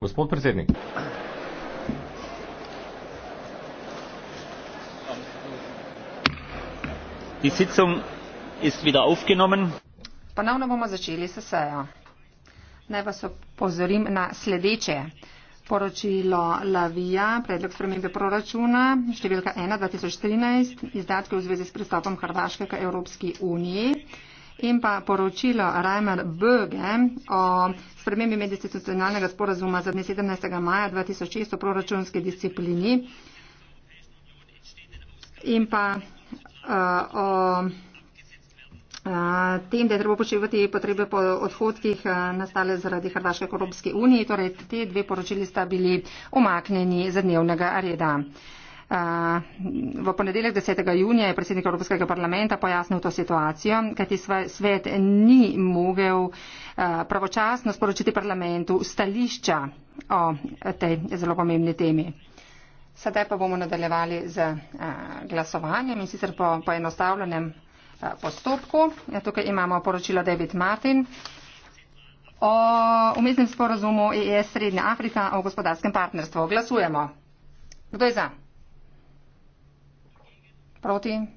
Gospod predsednik. Ponovno bomo začeli se sejo. Naj vas opozorim na sledeče. Poročilo Lavija, predlog spremembe proračuna, številka 1 2013, izdatke v zvezi s pristopom Hrvaške k Evropski uniji in pa poročilo Reimer Böge o spremembi medicinstitucionalnega sporazuma za dne 17. maja 2006 o proračunski disciplini in pa uh, o eh, tem, da je treba upoštevati potrebe po odhodkih eh, nastale zaradi Hrvaške Evropske unije. Torej, te dve poročili sta bili omaknjeni za dnevnega reda. Eh, v ponedeljek 10. junija je predsednik Evropskega parlamenta pojasnil to situacijo, kajti svet ni mogel eh, pravočasno sporočiti parlamentu stališča o tej zelo pomembni temi. Sedaj pa bomo nadaljevali z eh, glasovanjem in sicer po poenostavljenem postopku. Ja, tukaj imamo poročilo David Martin o umestnem sporazumu EES Srednja Afrika o gospodarskem partnerstvu. Glasujemo. Kdo je za? Proti.